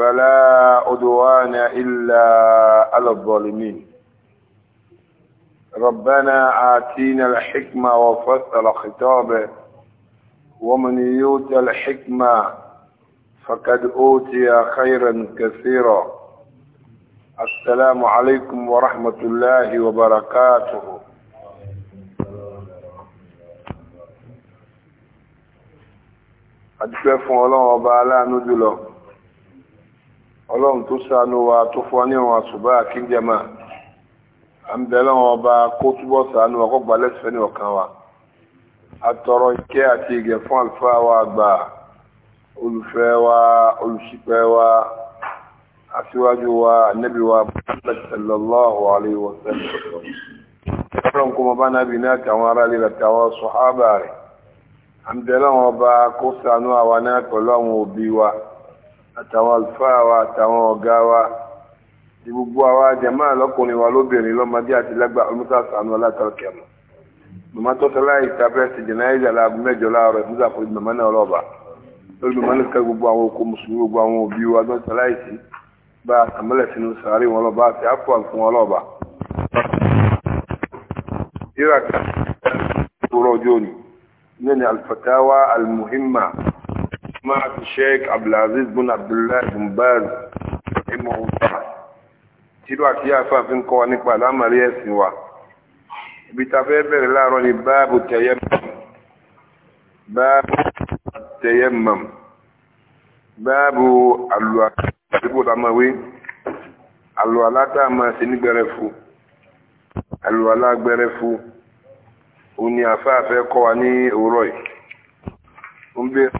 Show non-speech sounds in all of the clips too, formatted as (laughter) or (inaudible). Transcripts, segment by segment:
فلا عدوان إلا على الظالمين ربنا آتينا الحكمة وفصل خطابه ومن يؤت الحكمة فقد أوتي خيرا كثيرا السلام عليكم ورحمة الله وبركاته أدفع الله وبعلا نجله ọlọ́run tó ṣàánú wa tó fún wa ní àwọn àṣùbá àkíjẹmà à ń bẹ lọ́wọ́ ọba kó túbọ̀ ṣàánú wa kó gbà lẹ́sẹ̀ ní ọ̀kan wa atọrọ ìkẹ́ àti ìgẹ̀ fún àlùfáà wa àgbà olùfẹ́ wa olùṣìpẹ̀ wa aṣíwájú wa ànábì wa sallallahu alayhi wa sallam ọlọ́run kó mọ bá nábì ní àtàwọn aráàlú àtàwọn sọ̀hábà rẹ̀ à ń bẹ lọ́wọ́ ọba kó ṣàánú àwa náà pẹ̀lú àwọn òbí wa àtàwọn àlùfáà wa àtàwọn ọ̀gá wa ti gbogbo àwa jàmá lọ́kùnrin wa lóbìnrin lọ́mọdé àti lágbà ọmọdé àtàwọn alátàkẹ́ mọ́ màmá tọ́tọ́lá ìtàbẹ́ ti jẹ̀náyìí aláàbò mẹ́jọ láàárọ̀ ìfúnṣà fún màmá náà lọ́ba lórí màmá náà ká gbogbo àwọn okò mùsùlùmí gbogbo àwọn òbí wa tọ́tọ́lá ìsì bá àtàmọ́lẹ̀ sínú sàárè wọn lọ́ba àti àpò àfún سمعت الشيخ عبد العزيز بن عبد الله بن باز رحمه الله تلو أكيا فافن كوانيك بالعمى ليسوا بتفبر لا رني باب التيمم باب التيمم باب الوالدموي الوالدة ما سنبرفو الوالدة òun ni àfáàfẹ́ kọ́ wa ní òwúrọ̀ yìí ó ń bèèrè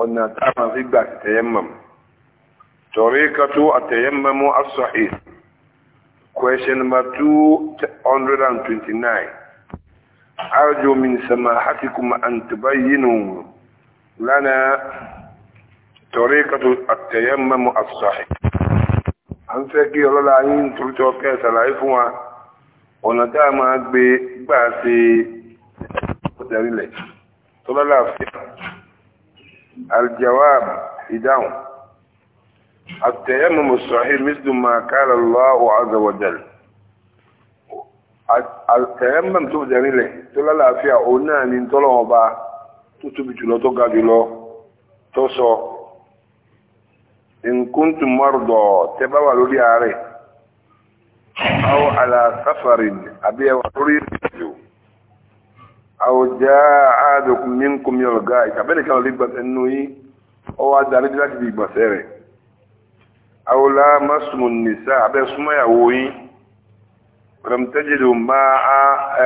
ọ̀nà táwọn fi gbà tẹ̀yẹ́mọ̀m tọ̀ríkàtú àtẹ̀yẹ́mọ̀mú asọ̀hì question number two hundred and twenty-nine arjò min samahatikum an tubayyinu lana tọ̀ríkàtú àtẹ̀yẹ́mọ̀mú asọ̀hì an fẹ́ kí ọlọ́lá yín torítọ́ kẹ́ الجواب إداهم التيمم الصحيح مثل ما قال الله عز وجل التيمم تبدأ لي تلا لا فيها أونا من طلعوا با تتبت له تقعد له تصو إن كنت مرضى تبوا لولي عليه أو على سفر أبي وريد أو جاء أحدكم منكم من الغائط أبنى كان لبس أنه أو أدري لك ببصره أو لامستم النساء أبنى سمع يوي ولم تجدوا ماء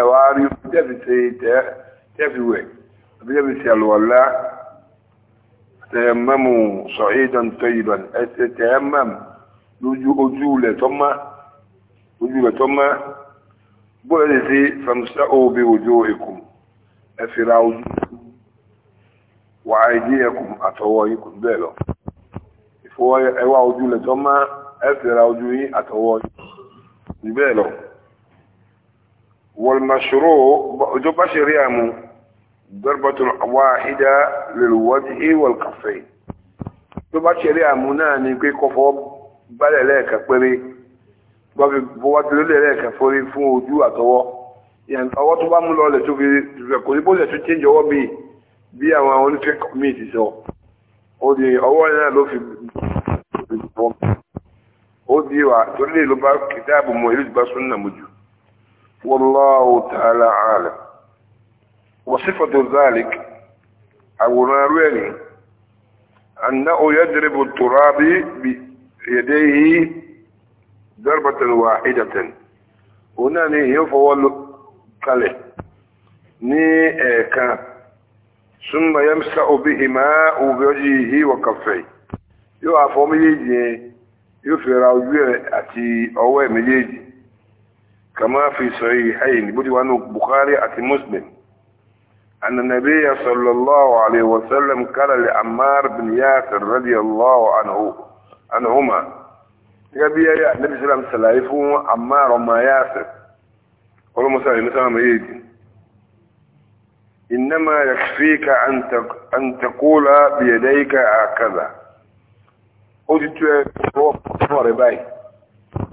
أواري تفسي تفوي تفسي الولاء تيمموا صعيدا طيبا تيمم لجوء ثم وجوه ثم بولد فامسأوا بوجوهكم ẹfìra ojú wà áìdí ẹkùn àtọwọ́ yìí kùn bẹ́ẹ̀ lọ ìfọwọ́ ẹwà ojú lẹ̀tọ́ má ẹfìra ojú yìí àtọwọ́ yìí bẹ́ẹ̀ lọ wọlmọ̀ṣòro ojú bá ṣe rí àmú darbatun wahida lilwajhi walkaffayn tó bá ṣe rí àmú náà ni pé kọfọ́ gbálẹ̀ lẹ́ẹ̀kẹ́ péré bọ́wọ́ tó lẹ́ẹ̀kẹ́ fórí fún ojú àtọwọ́ yàn ọwọ́ tó bá mú lọ lẹ̀ tó fi rẹ̀ kò ní bó lẹ̀ tó change ọwọ́ mi bí àwọn onífẹ́ mi ti sọ ó di ọwọ́ náà ló fi bọ́ ó di wa torí lè ló bá kìtáàbù mọ ìlú ìbá sún nà mú jù wallahu ta'ala alam wa sifatu zalik àwòrán arú ẹ̀rí annahu yadribu turabi bi yadayhi darbatan wahidatan òun náà ni èèyàn fọwọ́ kalẹ̀ ní ẹ̀ẹ̀kan súnmọ̀ yẹn sá òbí ìmá òbí ọjí ìhí wọ̀kàfẹ́ yóò àfọ́ méjèèjì yẹn yóò fi ra ojú ẹ̀ àti ọwọ́ ẹ̀ méjèèjì kàmá fi sọ yìí hayin bó ti wà ní Bukhari àti Muslim أن النبي صلى الله عليه وسلم قال لعمار بن ياسر رضي الله عنه عنهما يقول يا النبي صلى الله عليه وسلم سلايفه عمار وما ولمسا المسا ميدي إنما يكفيك أن تقول بيديك هكذا أجت كتور باي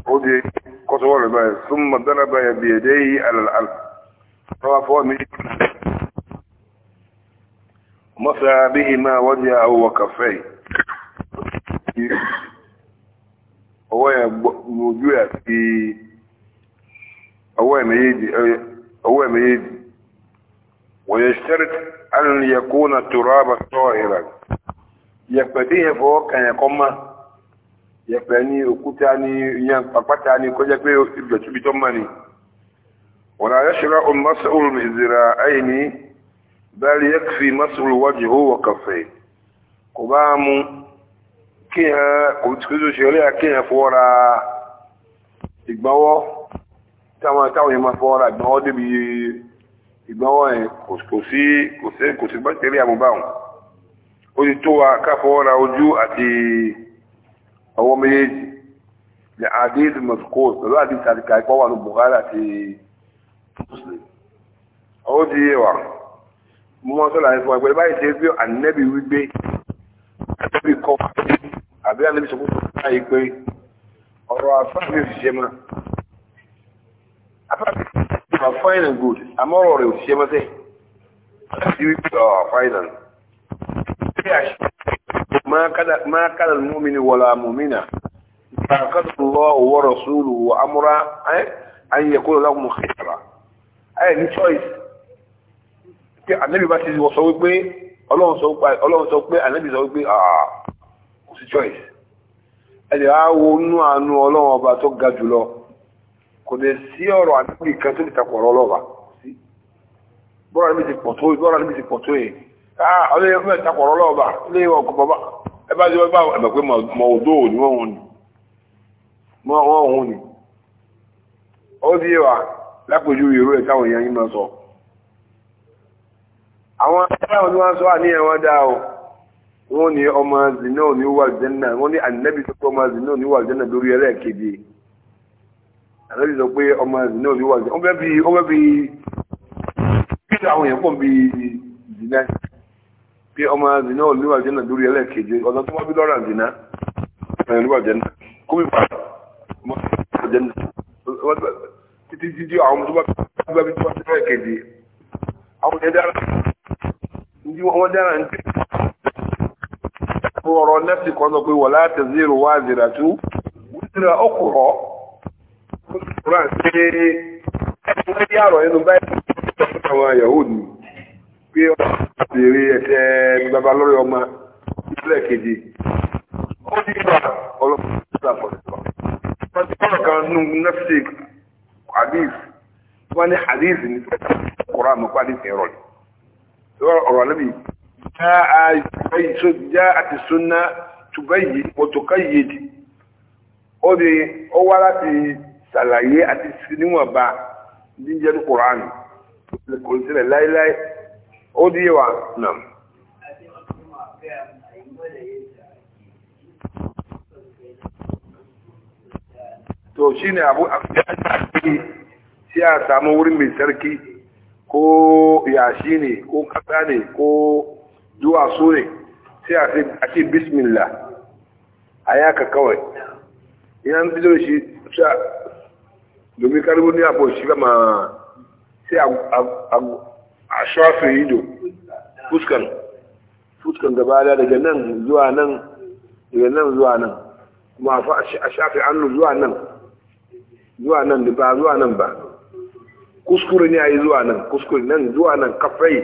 أجت كتور باي ثم ضرب بيديه على الأرض رفع مسى بهما وجهه وكفيه هو يوجد في ọwọ́ ẹ̀ méjèèjì wọ́n yẹ ṣẹ́rẹ̀ alìyẹ̀kúnà tùrọ́bà tọ́ ìrà yẹ̀pẹ̀ tí yẹ fọ́ kẹ̀yẹ̀kọ́ mọ́ yẹ̀pẹ̀ ní òkúta ní yan pàpátá ní kọjá pé ìbẹ̀túbi tọ́ mọ́ ni wọ́n ayẹ́ ṣẹ́rẹ̀ olùmọ́sọ̀rọ̀ ìzìrà ayé ní bẹ́ẹ̀lì yẹ fi mọ́sọ̀rọ̀ wájú ó wọ kàfẹ́ kò bá mú kíyàn kò kò tí ó ṣe rí àkíyàn fọ́ ra ìgbọ́wọ́ táwọn táwọn yẹn máa fọwọ́ ra ìgbọ́nwọ́ débi ìgbọ́nwọ́ yẹn kò sí kò sí kò sí bẹ́tẹ̀rí àmúbáwọn ó ti tó wa ká fọwọ́ ra ojú àti ọwọ́ méjèèjì ní adéèdè mọ̀sùkòs pẹ̀lú àdéhùn àdìkà ìpọ́ wà ní Buhari àti Muslim ó ti yé wa mo mọ́ sọ́la ẹ̀fọ́ ẹgbẹ́ báyìí ṣe bí ànẹ́bí wígbé ànẹ́bí kọ́ àbí ànẹ́bí sọ́kùnrin báyìí pé ọ̀rọ̀ àfáà mi ò sì ṣe máa afẹ́fẹ́ fine and good àmọ́rọ̀ rẹ̀ òṣìṣẹ́ you sí wípé ọ̀ fine and ما كان المؤمن ولا مؤمنة فقد الله ورسوله وأمره أن يكون لهم خيرا أي ní choice tí ànábì bá ti sọ wípé ọlọ́run sọ pé ànábì sọ wípé ah, kò sí choice ẹ̀dẹ̀ á wo nú àánú ọlọ́run ọba tó ga jùlọ kò lè sí ọ̀rọ̀ àbíkú ìkan tó lè takọ̀ ọ̀rọ̀ ọlọ́ba sí bọ́ra níbi ti pọ̀tó bọ́ra níbi ti pọ̀tó yìí ah ọlọ́ yẹn fún ẹ̀ takọ̀ ọ̀rọ̀ ọlọ́ba ilé ìwà ọkọ̀ bàbá ẹ bá ti wọ́n bá ẹ̀mọ̀ pé mọ̀ òdó òní wọ́n òun ni mọ̀ wọ́n òun ni ó di wa lápòjú ìró ẹ̀ táwọn èèyàn yín máa sọ àwọn aráàlú ni wọ́n sọ àníyàn wọn dáa o wọ́n ní ọmọ zina òní wà zina wọ́n ní ànábì tó kọ́ ọmọ zina òní wà zina lórí ẹlẹ́ẹ̀kejì àlọ́jì sọ pé ọmọ ẹ̀sìn náà ló wà ní ọmọ ẹbí ọmọ ẹbí kíkọ àwọn èèyàn pọ̀ bí ìdìnnà pé ọmọ ẹ̀sìn náà ló wà jẹ́ lórí ẹlẹ́ẹ̀kejì ọ̀nà tó wá bí lọ́rọ̀ ọmọ ló wà kó mi pàdé ọmọ títí títí àwọn ọmọ tó bí àwọn ẹ̀dá ní wọ́n dára ní ọ̀rọ̀ Quran pé ẹ̀sùn ẹ̀dí àrọ̀ nínú báyìí àwọn Yahoo ni pé ọmọ àbèrè ẹ̀ṣẹ̀ bàbá lórí ọmọ ìpínlẹ̀ kejì ó ní ìgbà ọlọ́pàá ìpínlẹ̀ àpọ̀lọpọ̀ wọ́n ti kọ́rọ̀ kan nù nafsik hadith wọ́n ní hadith ṣàlàyé àti sinimọ̀ba jíjẹ́ ní koran kò sílẹ̀ láíláí ó dí wa nà. to shi ne abu a sai a samu wurin mai sarki ko yashi ne ko kasa ne ko duwatsu ne sai a ce bismillah a yaka kawai yan bido shi domin karibu ni abu shi gama sai a shafin ido fuskan fuskan gaba da daga nan zuwa nan daga nan zuwa nan kuma a shafi annu zuwa nan zuwa nan ba zuwa nan ba kuskure ne a yi zuwa nan kuskure nan zuwa nan kafai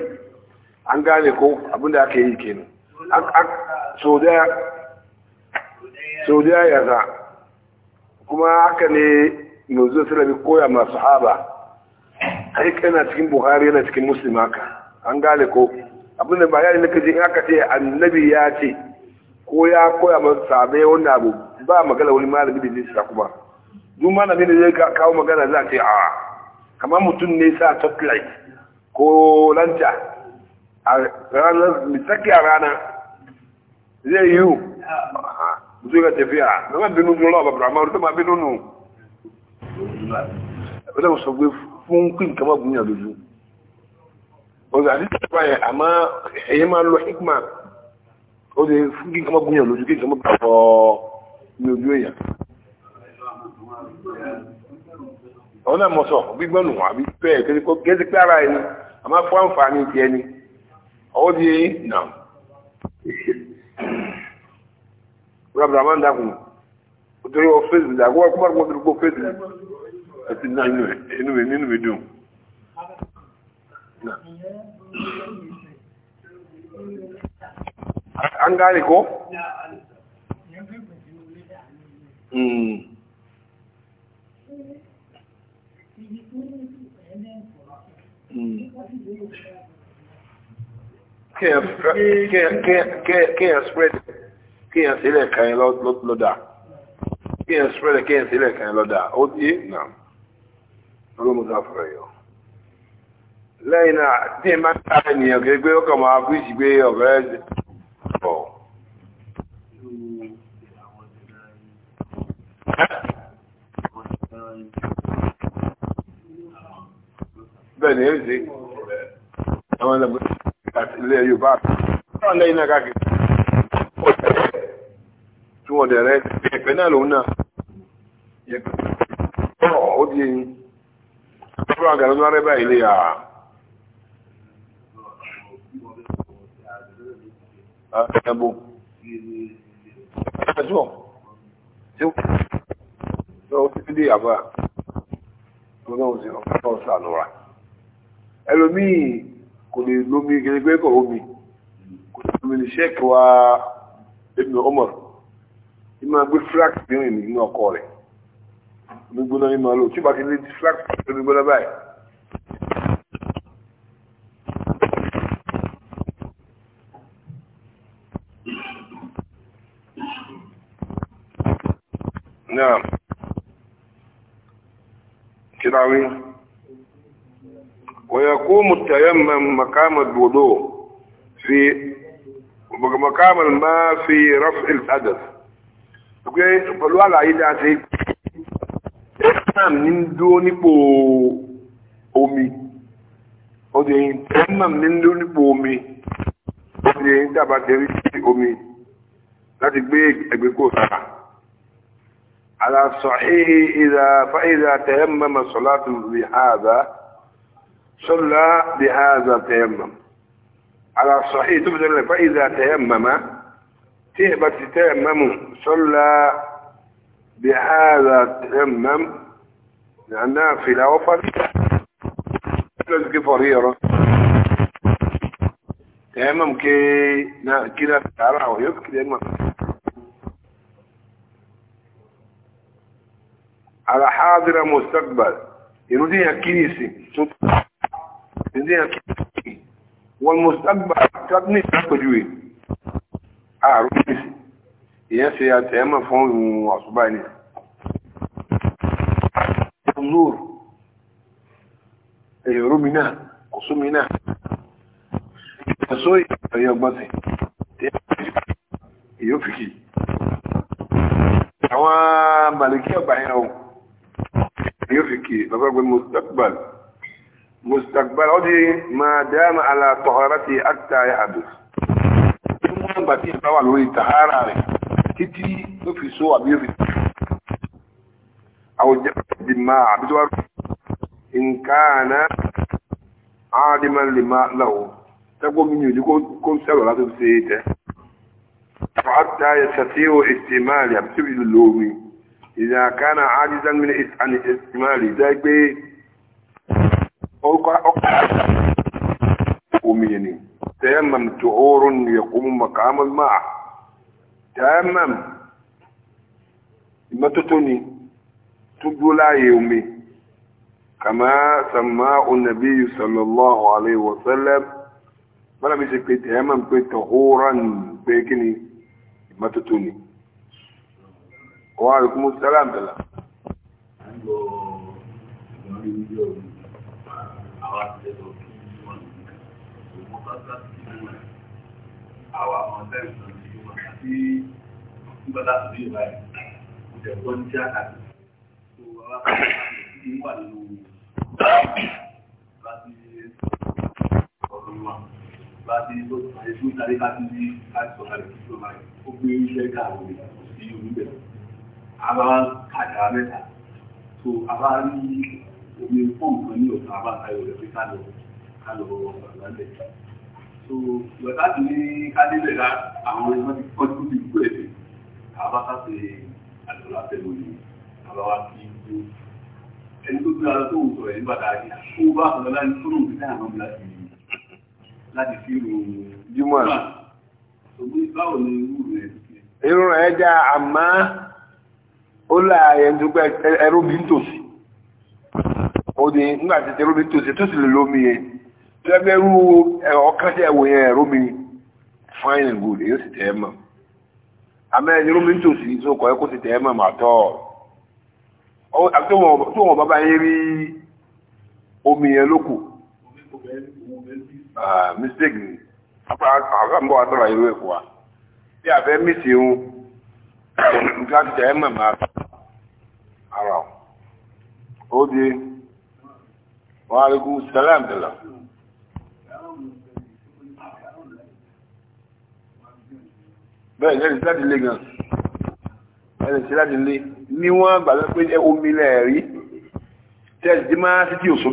an gane ko abinda aka yi kenan so daya daya ya za kuma haka ne yanzu suna bi koya ma sahaba kai kana cikin buhari yana cikin muslim haka an gane ko abinda ba ya nika ji in aka ce annabi ya ce ko ya koya ma sahabai wannan abu ba magana wani malami da zai sa kuma duk malami da zai kawo magana za ce a kamar mutum ne sa top light ko lanta a ranar misaki a rana zai yiwu mutum ya tafiya zama binu zuwa ba brahma wata ma binu ẹ̀bẹ̀lẹ̀ sọ pé fún kí nǹkan má gúnyàn lójú ọ̀gá àti tẹ̀síwá yẹn àmọ́ ẹ̀yẹ máa lọ hikma ó lè fún kí nǹkan má gúnyàn lójú kí nǹkan má bọ̀ ní ojú èèyàn ọ̀nà mọ̀sọ̀ gbígbọ́nù àbí bẹ́ẹ̀ kẹ́sí pé kẹ́sí pé ara ẹni àmọ́ fún àǹfààní ti ẹni ọwọ́ di eyín nà rẹ̀ bàbá máa àti náà inú mi nínú mi dùn. An gane ko? Kéèyàn spread kéèyàn sílẹ̀ kan lọ́dà. Kéèyàn spread kéèyàn sílẹ̀ kan lọ́dà. Ó yé náà ọlọ́mọdé àfọ̀rọ̀ yọ lẹ́yìn náà tí ma ń ta ènìyàn kí gbé ọkọ̀ máa fi ṣì gbé ọ̀fẹ́ ọ̀ bẹ́ẹ̀ ni ó ṣe àwọn ẹlẹ́gbẹ́ àti ilé Yorùbá náà lẹ́yìn náà káàkiri tí wọ́n dẹ̀ rẹ̀ ẹ̀pẹ́ náà lòun náà yẹ̀pẹ́ ọ̀ọ́ ó di eyín fúra gàdá tó rẹ́ báyìí lè yà á. ẹ̀bù ẹ̀jọ̀ tí ó ti dé àbá tó náà sí ọ̀pá náà sànúra ẹlòmíì kò lè lómi gẹ́gẹ́ pé kò omi kò lè lómi ní sẹ́ẹ̀kì wa Ibn Umar ìmọ̀ gbé fúra kìíní nínú ọkọ rẹ̀. gbígbóná ní màá lò نعم ويقوم التيمم مقام الوضوء في مقام الماء في رفع الحدث اوكي فالوالعي ده tẹ́màm ní dúó nípò omi ọdún èyí tẹ́màm ní dúó nípò omi ọdún èyí dábà tẹ́rí sí omi láti gbé ẹgbẹ́ kó sára aláṣọ èyí ìdá fa'ídà tẹ́màm sọ́látù rí hàzá sọ́lá rí hàzá tẹ́màm aláṣọ èyí tó bẹ̀rẹ̀ fa'ídà tẹ́màm tí ẹ̀bá ti tẹ́màm sọ́lá بهذا تيمم لأنها في الأوفر لازم كي فريرة تمام كي كده تعرف أو يبكي ما. على حاضر مستقبل ينوديها كنيسة ينوديها كنيسة والمستقبل تبني تقجوي أعرف كنيسة ينسي يتعمل فهم وعصبانيه èrò mi náà kò sú mi náà ẹ̀sọ́ ìyọ̀ ọgbọ́n tẹ̀ èyí ó fi kì àwọn màlìkí ọ̀gbà yẹn o èyí ó fi kì bàbá gbé mustaqbal mustaqbal ọdí máa dáàmà ala taharati àtà àdù tí wọ́n gbà tí ìbá wà lórí tàhárà rẹ̀ títí ó fi só àbí ó fi àwọn jẹ́ àbí tó wà rẹ̀ in kana adiman lima lahu tagbo mi ni ko sero la to se te fa hatta yastati'u istimal yabtibi lumi idha kana ajizan min an istimal da gbe o ko o omi ni tayammam tu'urun yaqumu maqam al-ma' tayammam imatotoni tubula yomi كما سماه النبي صلى الله عليه وسلم بلا مش بيت همم بيت طهورا بيكني ما تتوني وعليكم السلام بلا àwọn ọmọ tẹ́lẹ̀ tó ti wọ́n àti ìgbàlá tó dé báyìí ìjẹ̀bọ́n jẹ́ àti ìwọ̀n wà nínú láti ẹ̀sùn ìtàrí láti ní láti sọ̀rọ̀ rẹ̀ tó máa ó gbé iṣẹ́ káàkiri sí oníbẹ̀. àbá kàdà mẹ́ta tó àbá rí omi fún nǹkan ní ọ̀sán àbá tayọ̀ rẹ̀ pé ká lọ ká lọ ọ̀gbàlẹ̀. tó lọ́tà ti ní kádébẹ̀ rá àwọn ẹgbẹ́ ti kọ́ tó ti kú ẹ̀sìn àbá ṣe àdúrà pẹ̀lú àbá wa kí ó ẹni tó gbéra tó ń sọ̀rọ̀ nígbà dáadé kó bá ọ̀dọ́ láti tó lóun fífẹ́ àwọn láti láti fi ròyìn. jùmọ̀ ṣùgbọ́n báwo ni irú rẹ̀ ti ṣe. irun já àmọ́ ó là ẹ̀ńdúgbẹ́ ẹrú bí ń tòsí ó ní nígbà tí ẹrú bí ń tòsí tó sì lè lómi yẹn tó ẹgbẹ́ irú ọkàn tí ẹ̀wò yẹn ẹ̀rú mi fine and good èyí ó sì tẹ̀ ẹ́ mọ̀ àmọ́ ẹni irú mi ń tòsí tó kọ́ ẹ kó sì mọ̀ màtọ́ọ̀. tí wọ́n bàbá yé rí omi yẹn lókù ah, mistake ni àgbàmbọ̀ àtọ́rọ̀ ìlú èkó wa bí àfẹ́ mìsì ń nǹkan ti jẹ́ mẹ́mà ara ó di wọ́n arígún sẹ́lẹ̀m tẹ̀lẹ̀ bẹ́ẹ̀ jẹ́ ìsẹ́dìlé ẹni tí láti lé ní wọ́n gbàgbé pé ẹ omi lẹ́ẹ̀rí tẹ́sí dí máa títí òṣù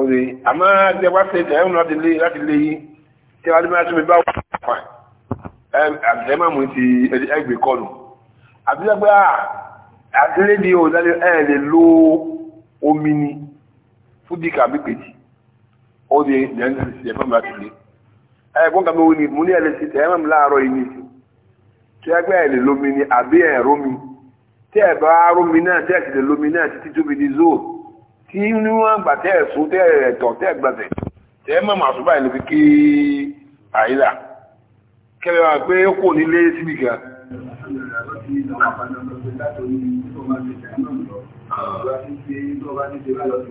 ọ̀rẹ́ àmọ́ ẹgbẹ́ wá ṣe tẹ̀yẹ́ láti lé láti lé yín tẹ́wà dí máa tún mi bá wà fà àbẹ̀tẹ́ máa mú ti ẹgbẹ́ kọlù àbílẹ̀ pé àtìlé ni ò lálẹ́ ẹ̀ lè lo omi ni fún dìkà bí pèjì ọ̀rẹ́ ìyẹn ti láti lé ẹ̀gbọ́n kàmí wo ni mo ní ẹ̀ lè ṣe tẹ̀yẹ́ mọ́ láàárọ̀ yìí ní ìsìn tí ẹgbẹ́ ẹ̀ lè lómi ni àbí ẹ̀ rómi tí ẹ̀ bá rómi náà tí ẹ̀ sì lè lómi náà títí tóbi di zoo tí níwọ̀n gbà tẹ́ ẹ̀ sún tẹ́ ẹ̀ tọ̀ tẹ́ ẹ̀ gbàtẹ̀ tẹ́ ẹ̀ mọ̀mọ́ àtúbà ẹ̀ lè fi kí àyílà kẹlẹ́ wa pé ó kò nílé síbi kan.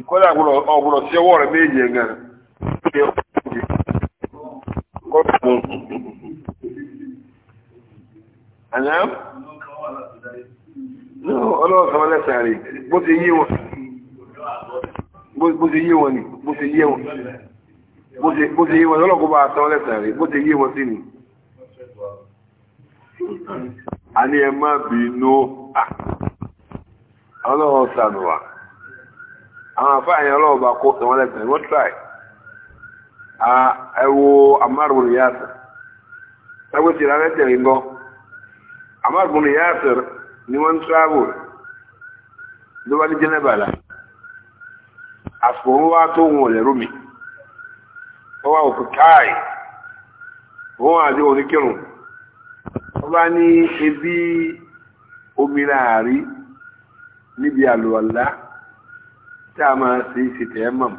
kọ́lá ọ̀gbọ̀nọ̀ sí ọwọ́ rẹ̀ méje gan-an àná ọlọ́wọ́ kan lẹ́sà rẹ̀ bó ti yé wọn bó ti yé wọn ni bó ti yé wọn bó ti yé wọn ọlọ́kọ́ bá tán lẹ́sà rẹ̀ bó ti yé wọn sí ni a ní ẹ má bínú ọlọ́wọ́ sànùwà àwọn àfáàyàn ọlọ́wọ́ bá kó tán lẹ́sà wọ́n tíráì ẹwọ amárùn-ún yàtọ̀ Ammar ibn Yasir ni wọ́n ń travel ló wá ní jẹ́nẹ́bàlá àsìkò wá tó wọn ò lè rú mi wọ́n wá òkú káì wọ́n àti oníkírun wọ́n bá ní ebi omi láàrí níbi àlùwàlá tí a máa ṣe ìṣètẹ̀ mọ̀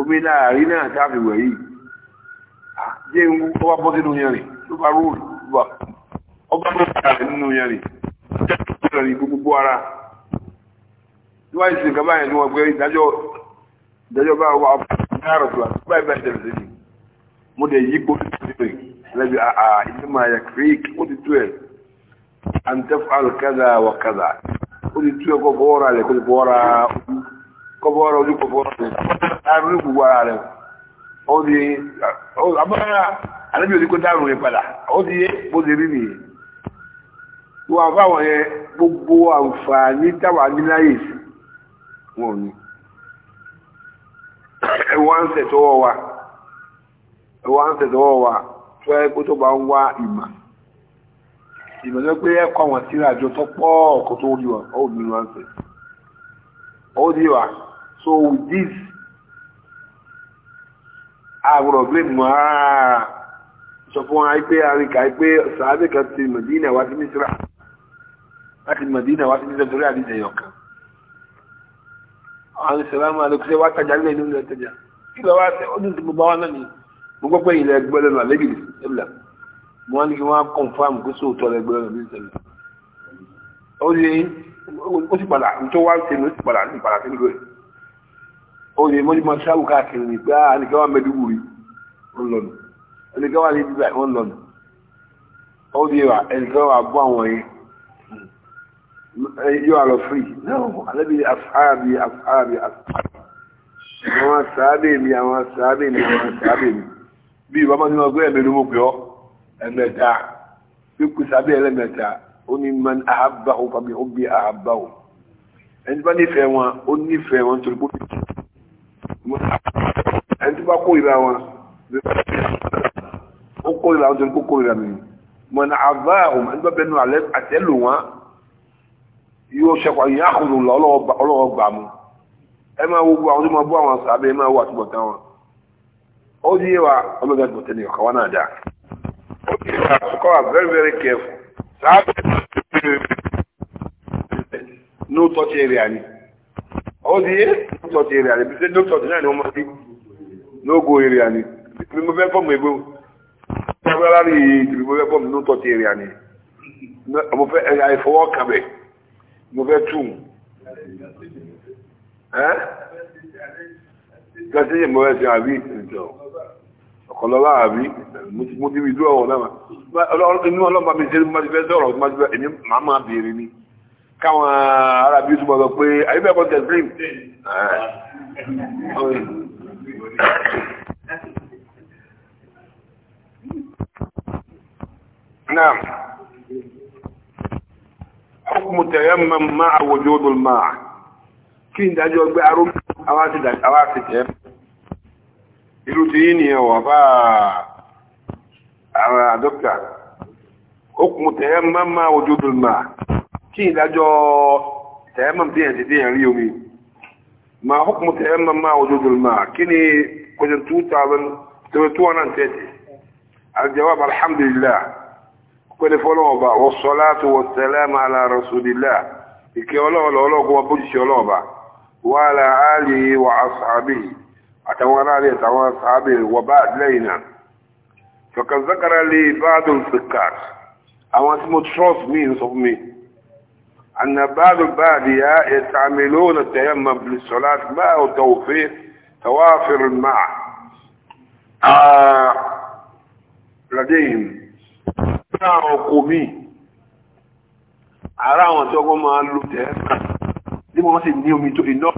omi láàrí náà táfi wẹ̀ yìí jẹ́ ń wá bọ́ sínú yẹn rìn ló bá rúùrù ara rẹ̀ nínú yẹn rè jẹ́ rẹ̀ gbogbo ara tí wọ́n báyìí ni wọ́n gbé ìdájọ́ ìdájọ́ bá wà fúnárọ̀ tó àti báyìí báyìí tẹ̀lé sí mo dẹ̀ yí gbogbo ìṣẹ̀lẹ̀ lẹ́bi àà ìdí máa yẹ kìrìkì ó ti tú ẹ̀ àǹtẹ́fù alùkẹ́dà wà kẹ́dà ó ti tú ẹ̀ kọ́ bọ́ọ̀rọ̀ rẹ̀ kó ti bọ́ọ̀rọ̀ ojú kọ́ wọ́n àbáwọn yẹn gbogbo àǹfààní táwa níláyè sí wọn ò ní ẹ̀wọ̀n ń ṣètọ́wọ́ wa ẹ̀wọ̀n ń ṣètọ́wọ́ wa tó ẹ kó tó bá ń wá ìmọ̀ ìmọ̀ ló pé ẹ kọ́ àwọn sílẹ̀ àjọ tó pọ̀ ọkọ̀ tó rí wa ó ní wọn ṣe ó ní wa so with this àwòrán blame mọ́ ara sọ fún wa pé àríkà pé sàábì kan ti Mẹdínà wá sí Mísírà láti Mẹdínà wá sí ní ìjọba àdìjẹ yọkan àwọn ìsìlámù alẹ́kùsẹ́ wá tajà nílẹ̀ inú ilẹ̀ tajà kí lọ wá sẹ́ ọdún tí gbogbo wa náà ni mo gbọ́ pé ilẹ̀ ẹgbẹ́ lẹ́nu àlẹ́bí ẹ̀bìlà mo wá ní kí wọ́n á kọ̀nfàmù kó sóòótọ́ ẹgbẹ́ lẹ́nu àlẹ́bí ẹ̀bìlà ó ní ó sì padà tó wá ṣe ló sì padà ní padà sí lórí ó ní mo ní mo ṣáwù káàkiri ah, ní pé àníkẹ́ wà mẹ́dúgùrì ń lọ́nu àníkẹ́ ní bíbá ń lọ́nu ó ní ẹnìkan wà bọ́ àwọn yìí you are free no alebi ashabi ashabi ashabi àwọn ashabi mi àwọn ashabi mi àwọn ashabi mi bí bàbá mi ọgbẹ́ ẹ̀mí ló mú pé ọ́ ẹ̀mẹ́ta bí kò sábẹ́ ẹlẹ́mẹ́ta ó ní man ahaba ó fàbí ó bí ahaba ó ẹni bá nífẹ̀ẹ́ wọn ó nífẹ̀ẹ́ wọn torí pé ẹni tó bá kó ìra wọn ó kó ìra wọn torí pé kó ìra mi mọ̀nà àbá òun ẹni bá bẹnu yóò ṣẹkọ̀ yìí àkùrù ọlọ́wọ́ gbà ẹ máa wo àwọn tí mo bú àwọn sàbẹ̀ ẹ máa wo àtúbọ̀ tán wọn ó di yẹwà ọlọ́gá tó tẹ̀lé ọ̀kọ́ wọn náà dá ó di yẹwà ọkọ̀ wa very very careful sàbẹ̀ no touch area ni ó di yẹ no touch area ni bísí no touch náà ni wọ́n máa fi no go area ni mo fẹ́ fọ́ọ̀mù ẹgbẹ́ wọn bí mo fẹ́ fọ́ọ̀mù no touch area ni mo fẹ́ àìfọwọ́ kàbẹ̀ mo fẹ́ tù ẹ́ gẹ́gẹ́ yìí mo fẹ́ ṣe àbí ìjọ ọ̀kọ̀lọ́wà àbí mo ti rí ìlú ọ̀wọ̀ náà inú ọlọ́pàá mi ṣe mo ti fẹ́ sọ̀rọ̀ mo ti fẹ́ èmi màá máa béèrè ni káwọn ará bí túbọ̀ sọ pé àyíbẹ̀ kọ́ tẹ̀ sí Naam. حكم تيمم مع وجود الماء كين داجو غبي اروم اواسي داج اواسي تيم يروتيني وفا اوا دكتور حكم تيمم مع وجود الماء كين داجو تيمم دي دي ريومي ما حكم تيمم مع وجود الماء كيني كنت 2000 تو 230 الجواب الحمد لله pẹ̀lú fọ́lọ́ọ̀bà wassalatu wassalamu ala rasulillah ìkẹ́ ọlọ́ọ̀lọ́ọ̀lọ́gbọ́ bójúṣẹ́ ọlọ́ọ̀bà wa ala alihi wa ashabihi àtàwọn aráàlú àtàwọn ashabi wa ba'd lẹ́yìnà faqad zakara li ba'd al-thiqat àwọn tí mo trust me sọ fún ara àwọn kò mí ara àwọn tí ọkọ̀ máa lò tẹ́ ní wọ́n sì ní omi tó iná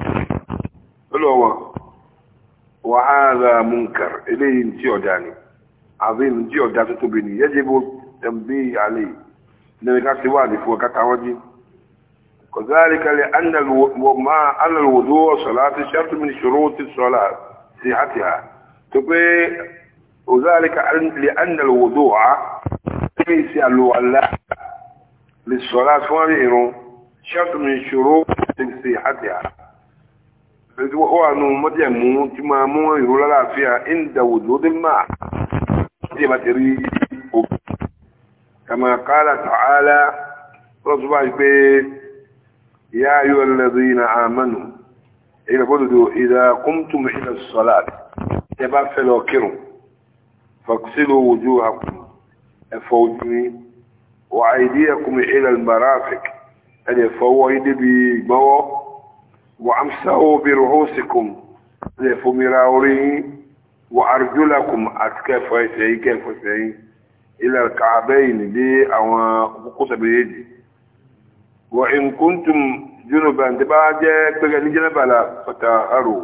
lọ́wọ́ wà á ra munkar eléyìí tí ọ̀dà ni àbíyìn tí ọ̀dà tó tóbi ni yẹ́jẹ́ bó tẹ̀mbí àlè wà كذلك لأن الو... ما الوضوء صلاة شرط من شروط الصلاة صحتها تبي وذلك لأن الوضوء kéèsì àlùwàlá lè sọ̀rọ̀ fún ìrún ṣẹ́tù mi ṣòro ṣe àti à. Bẹ́ẹ̀ni wọ́n wà nù mọ́tẹ́ mú tí máa mú ìrún lálàáfíà ń dàwò lóde máa. Wọ́n ti bá ti rí òkú. Kàmá kálà tààlà wọ́n tún bá yìí pé ìyá ayọ́ ẹlẹ́dọ̀ na àmánu. Èyí lè fọ́dọ̀ ìdá kúntùmù ìlà sọ̀lá. Ẹ bá fẹ́ lọ kírun. Fọ̀kísílò wojú àkùn ẹ̀fọ́júní wà àìdí ẹkùnmí ilẹ̀ marafik ẹ̀dẹ̀ fọwọ́ ìdí bí gbọ́wọ́ wà amsáwò bí rọ́sìkùn ẹ̀dẹ̀ fòmìnira orí wà arjúlakùn àti kẹfọ́ ẹsẹ̀ yìí kẹfọ́ ẹsẹ̀ yìí ilẹ̀ kàbẹ́yìn dé àwọn kókósàbẹ̀yẹ́dì wà ìkúntùm júnùbà tí bá jẹ́ pẹ́gẹ́ ní jẹ́nàbàlà fàtàrò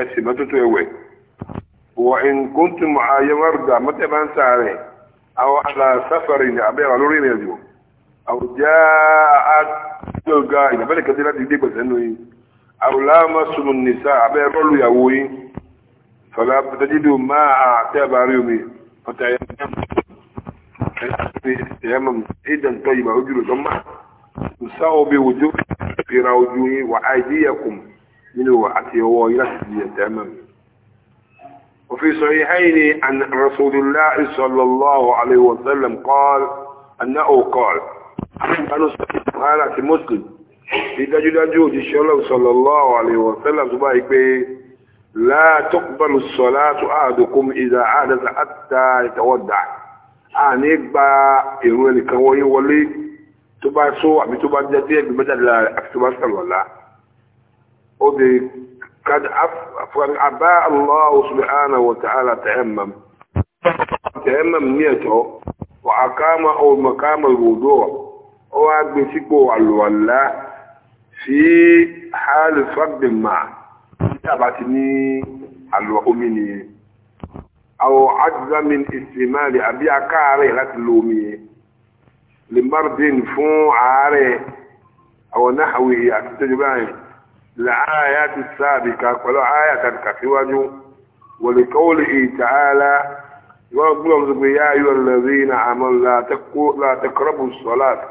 ẹ̀sìn mẹ́tótó ẹ̀wẹ̀ wà ìkúntùm àyẹ̀wò àrùdà mọ́tẹ́ ń sáré أو على سفر أبي على رين يجو أو جاءت زوجة إن بل كثيرة تجيب سنوي أو لامس النساء أبي رولو يوي فلا تجد ماء تابع يومي فتيمم إذا طيب أجر ثم تساو بوجوه في وجوهي وأيديكم منه وأتي هو إلى تيمم وفي صحيحين عن رسول الله صلى الله عليه وسلم قال أنه قال أنا صحيح بخارة مسلم إذا جدجو جشله صلى الله عليه وسلم سبايك لا تقبل الصلاة أحدكم إذا عادت حتى يتودع أعنيك با إروالي كوي ولي تبا سوء بتبا جديد بمجال لا أكتبا صلى الله أودي قد أبى الله سبحانه وتعالى تيمم تيمم نيته وأقام أو مقام الوضوء وأبسكوا الولاء في حال فرد ما تبعتني الوأمني أو عجز من استعمال أبي أكاري لتلومي لمرض فون عاري أو نحوه أتتجباني الآيات السابقة ولو آية كثيرة ولقوله تعالى يقول يا أيها الذين آمنوا لا, لا تقربوا الصلاة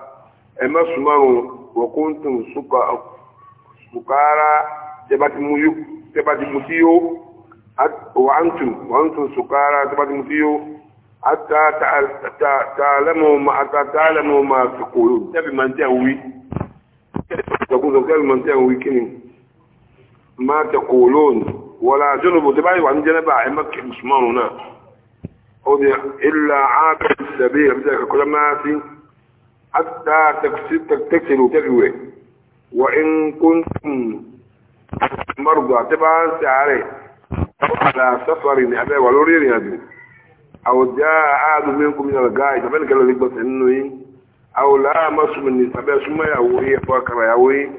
أما سمعوا وكنتم سكارى تبات متيو وأنتم وأنتم سكارى تبات متيو حتى تعلموا ما حتى تعلموا ما تقولون تبي من تهوي تقول تبي من تهوي كنين ما تقولون ولا جنب دبي وان جنب عمك مسمرنا أو إلا عابر السبيل بذلك كل ما في حتى تكسلوا تكوي وإن كنتم مرضى تبعا سعري على سفر أبي ولورير يدو أو جاء أحد منكم من الغاية فمن قال لك بس إنه أو لا مصر من النساء بس ما يهوي فكر يهوي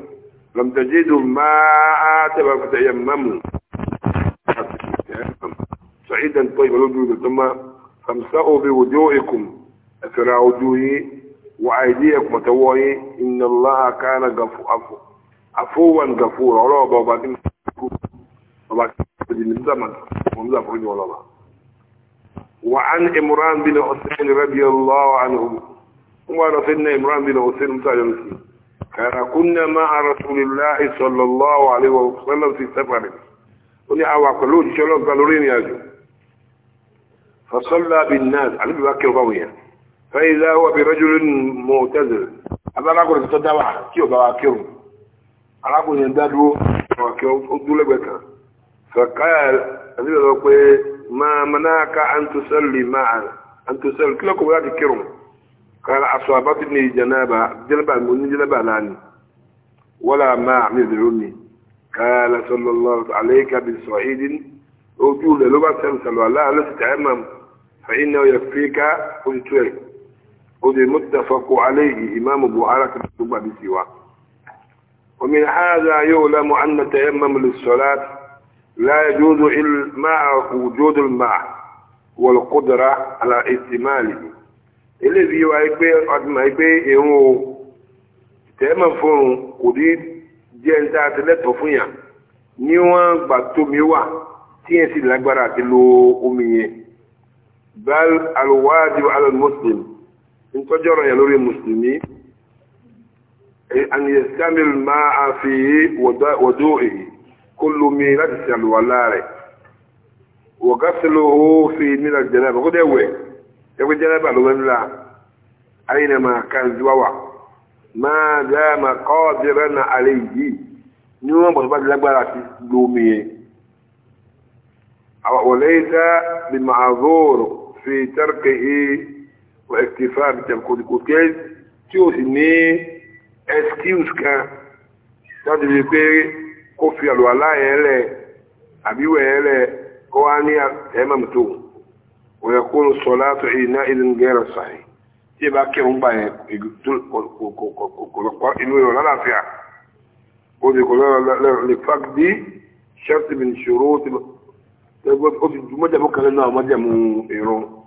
لم تجدوا ماء فتيمموا سعيدا طيب الوجود ثم فامسأوا بوجوهكم أثر وجوهي وأيديكم وتوهي إن الله كان غفو عفوا غفورا ولا بابا وعن إمران بن حسين رضي الله عنه وعن سيدنا إمران بن حسين متعلم كان كنا مع رسول الله صلى الله عليه وسلم في سفر وني اوا كلو شلو قالورين يا جو فصلى بالناس على بكر قويا فاذا هو برجل معتزل ابا راكو تتدعى كيو بواكيو راكو يندادو بواكيو ودولك فقال النبي ما منعك ان تصلي معنا ان تصلي كلكم لا تكرموا قال أصابتني جنابة جلبة من جلبة لاني ولا ما من قال صلى الله عليك بصعيد أجول لغة سلسل ولا لا تتعمم فإنه يكفيك أجتوك وذي متفق عليه إمام أبو عرك بسوى بسوى ومن هذا يعلم أن التيمم للصلاة لا يجوز إلا مع وجود الماء والقدرة على استعماله eléyìí wa yìí pé ọdúnmọ̀ yìí pé èèwọ̀n o tẹ́ẹ̀mọ̀ fóun kò ní jẹ́ ń dá àtẹlẹ́tọ̀ fún yàn ní wọ́n gbà tómi wà tí yẹn sì lágbára àti lo omi yẹn bal alwajib ala muslim ntọ́jọ́ ọ̀rọ̀ yẹn lórí mùsùlùmí an yastamil ma'a fi wudu'ihi kó lomi láti ṣàlùwàlá rẹ̀ wa ghasluhu fi min al-janaba kó pé jẹ́rẹ́bà ló wẹ́nu la àyìnà máa ka ń wáwà máa dá máa kọ́ ọ̀dẹ́rẹ́ na àlẹ́ yìí ní wọ́n bọ̀ tó bá ti lágbára ti lómi yẹn. àwọn ọ̀lẹ́yìn tá bí máa zóòrò fi tẹ́rẹ̀kẹ́ yìí wọ ẹ̀kẹ́fà bí tẹ̀kọ́ tí ó sì ní excuse kan láti fi pé kó fi àlọ́ aláyẹ̀ lẹ̀ àbíwẹ̀ wá ní ẹ̀mọ̀mọ̀tò. ويقول الصلاة حينئذ غير صحيح يبقى كيرون باي إنه لا ودي نافع ويقول لفقد شرط من شروط مجمع ما مجمع إيرون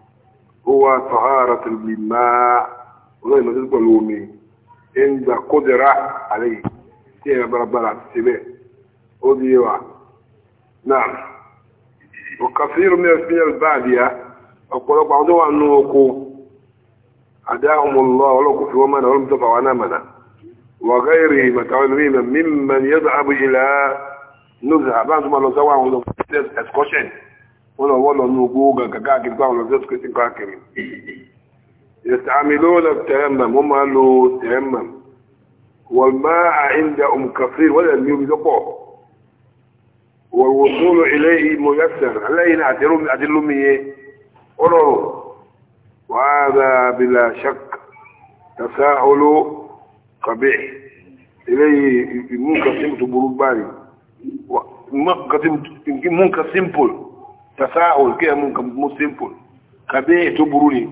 هو طهارة الماء والله ما تلقى الومي عند قدرة عليه تيه بربرة تسيبه وديوا نعم وكثير من البادية ọ̀pọ̀lọpọ̀ àwọn tó wà nínú oko àdáhùnmọ̀lọ́ ọlọ́kùn fi wọ́n mọ́nà ọlọ́mùtọ́ fà wọn mọ́nà wọ̀gá èrè màtàwọn mímọ̀ mímọ̀ ni yóò dáàbò ilẹ̀ nùzà àbáǹtó máa lọ sáwọn àwọn ọlọ́mùtọ́ يستعملون التيمم هم قالوا التيمم عندهم كثير ولا اليوم يدقوه والوصول إليه ميسر علينا أدلهم أدلهم إيه قرروا وهذا بلا شك تساؤل قبيح إليه منقسم تبرباري منقسم سيمبل تساؤل كده منقسم سيمبل قبيح تبروني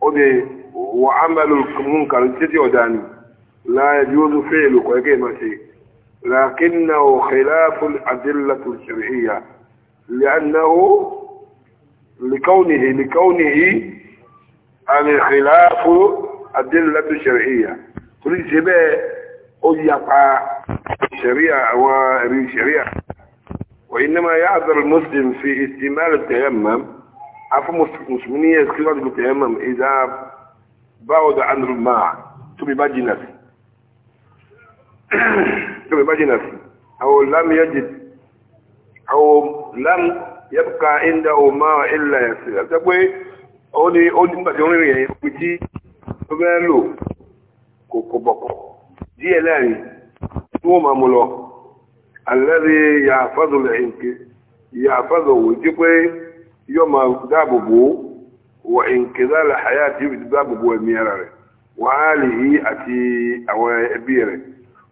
ودي وعمل المنكر تتي وداني لا يجوز فعله كده ما شيء لكنه خلاف الأدلة الشرعية لأنه لكونه لكونه عن الخلاف الدلة الشرعية كل سبب أجيبا شريعة وشريعة وإنما يعذر المسلم في استمال التيمم عفو مسلمية يسكيلات التيمم إذا بعد عن الماء تبي باجي نفسي (coughs) تبي باجي نفسي أو لم يجد أو لم yẹ́bùká ìndà òmá ilẹ̀ ẹ̀sìn àti pé ó ní ó ní gbàtí orin rẹ̀ pé tí ó lò kò kò bọ̀kọ̀ díẹ̀ tí wọ́n máa mú lọ ya fẹ́dọ̀ lẹ́yìnkì ya fẹ́dọ̀ wò tí pé yọ máa dáàbò bò wà ìǹkì lálẹ́ àyà tí ó dáàbò bò ẹ̀mí ara rẹ̀ wà á àti àwọn ẹbí rẹ̀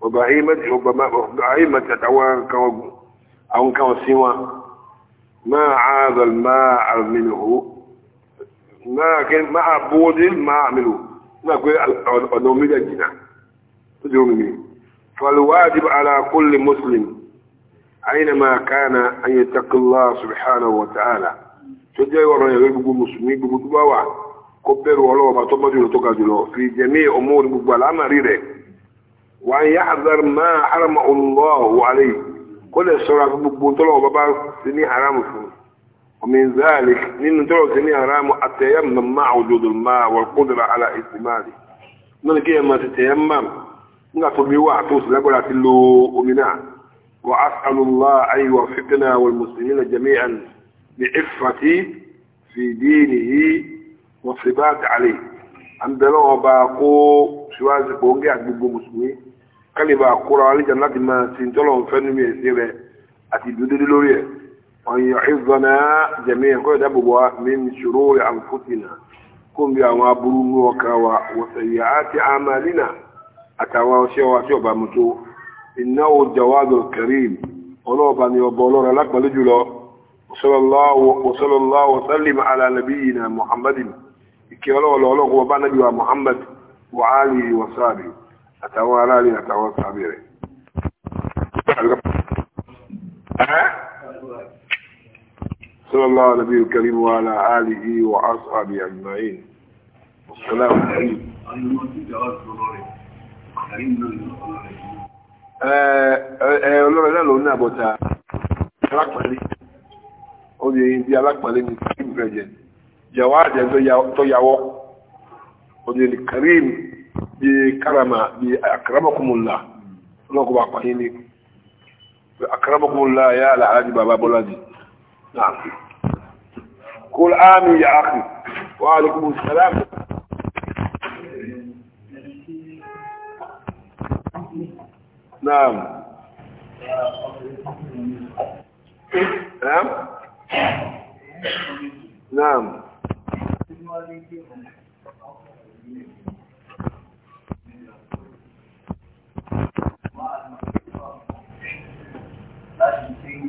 ọba ayé àtàwọn kan wọn. ما عاد الماء منه ما كان مع بود ما عمله ما قال نومي جنا تجوني فالواجب على كل مسلم أينما كان أن يتق الله سبحانه وتعالى تجي ورا يقول مسلمين بقوا كبر ولا ما تمجل تكاجلو في جميع أمور بقوا الأمر وأن يحذر ما حرم الله عليه kó lè sọ́ra fún gbogbo tọ́lọ̀ bàbá sí ní haramu fún ọmọ ìzáàlì nínú tọ́lọ̀ sí ní haramu àtẹ̀yà mọ̀má òdòdó máa wọ̀ kó dára ala ìsìmáàlì náà ni kí ẹ máa ti tẹ̀yà máa nígbà tó mi wà tó sì lágbára ti lo omi náà wà á sàlùmá ayé wà fìtẹ́nà wà mùsùlùmí na jẹ́mí àn ní ìfàtí fìdí nìyí wọ́n sì bá tàlẹ̀ àǹbẹ̀rẹ̀ ọba kó síwájú kò ń gé àgbègbè mùsùlùmí kálíbà kóra alíjà láti máa ti ń tọ́lọ̀ fẹ́ nínú ẹ̀sìn rẹ̀ àti ìdúdúdú lórí ẹ̀ ọ̀yìn ìzọ̀nà jẹ̀mí ẹ̀kọ́ ìdábò wa mi ń ṣòro rẹ̀ àǹfótìnà kó bí àwọn aburú ní ọkà wa wọ̀sẹ̀yà àti àmàlínà àtàwọn ọṣẹ́ wa tí ọba mọ́tò iná ó jawáàdù karim ni ọba ọlọ́run alápẹ̀lú jùlọ wọ́sọ̀lọ́lọ́wọ́ sálìm alàlẹ́bíyìn àtàwọn aráàlú àtàwọn sábẹ́ rẹ̀. صلى الله على نبي الكريم وعلى آله وأصحابه أجمعين والسلام عليكم ọlọ́rọ̀ bí alápàlẹ́ ní kí n fẹ́ jẹ tó yàwọ́ oye ní bi karama bi akramakumullah lọ kó bá pàyín ní akramakumullah ya alhaji baba bọ́lájì náà kúl ámì ya akhi wa alaikum salam naam naam naam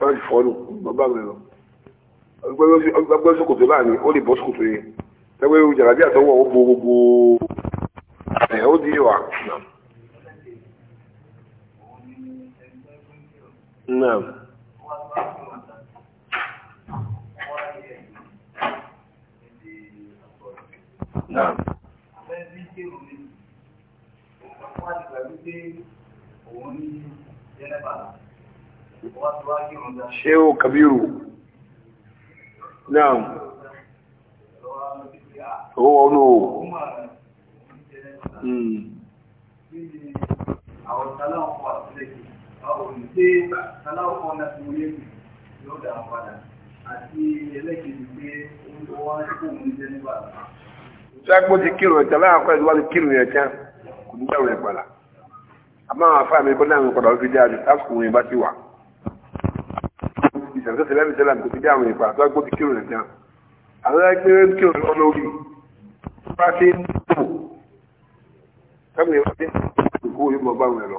wọ́n ti fọ́ọ̀nù ọgbà rẹ̀ lọ ọgbẹ́ sókòtò láàrin ó lè bọ́ sókòtò yẹn tẹ́gbẹ́ ìwé jàrá bí àtọwọ́ ó bo gbogbo ẹ̀ ó di wà. Naam. Naam. Òun ní Jẹ́nẹ́bà shehu kabiru naam owó ọ̀nà owó àwọn taláwọn fún àtìlẹ́kì àwọn hmm. olùgbé taláwọn fún ọ̀nà tí ó yé mi yóò dà padà àti ẹlẹ́kìtì pé ó wá kó òun jẹ́ nígbà ṣáàgbó ti kírun ẹ̀tẹ́ láwọn akọ́ ìdíwájú kírun ẹ̀tẹ́ kò ní dáwọn ẹ̀pàdà àmọ́ àwọn afáàmì kọ́ dáwọn ẹ̀pàdà ó fi dáa ju tásùkù ti wà ìṣẹ̀lẹ̀ sẹ́lẹ̀ mi sẹ́lẹ̀ mi kò fi dé àwọn ìpa àtúwà gbóbi kírun nìkan àwọn ẹgbẹ́ kírun lọ lórí bá ti ń tò kẹ́mi ìwà ti ń tò kó yóò mọ bá wọn lọ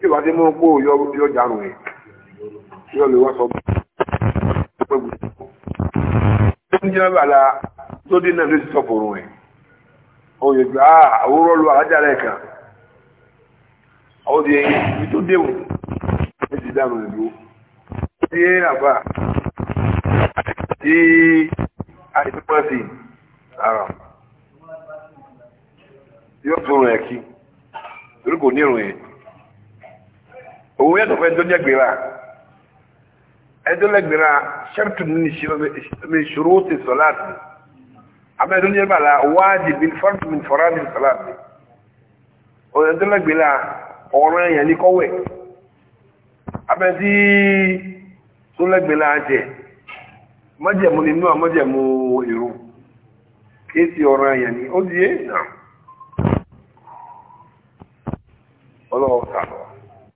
tí ìwà ti mú kó yọ yọ jánu yìí yọ lè wá sọ gbẹgbẹ. ó ń jẹ́ bàlá lóde náà ló ti sọ fòrò rẹ̀ òye gbà àwòrán lu àlájà rẹ̀ ìlú tí àbá tí àìsípọ̀ sí ara yóò tún rẹ̀ kí torí kò ní ìròyìn òun yàtọ̀ fẹ́ tó jẹ́gbèrà ẹjọ́ lẹ́gbèrà ṣẹ́rìtù ní ìṣòro ti sọ̀láàtì abẹ́ẹ̀dọ́ ní ẹgbàlá wáàdì bí fọ́nù mi fọ́nù mi sọ̀láàtì ọ̀rọ̀ ẹjọ́ lẹ́gbèrà ọ̀rọ̀ ẹ̀yàn ní kọ́wẹ̀ abẹ́ẹ̀dì tó lẹ́gbẹ̀ẹ́ láàjẹ́ mọ́jẹ̀mú nínú àmọ́jẹ̀mú ìrun kìí sí ọ̀rọ̀ àyàn ni ó di é náà ọlọ́wọ́ sàánú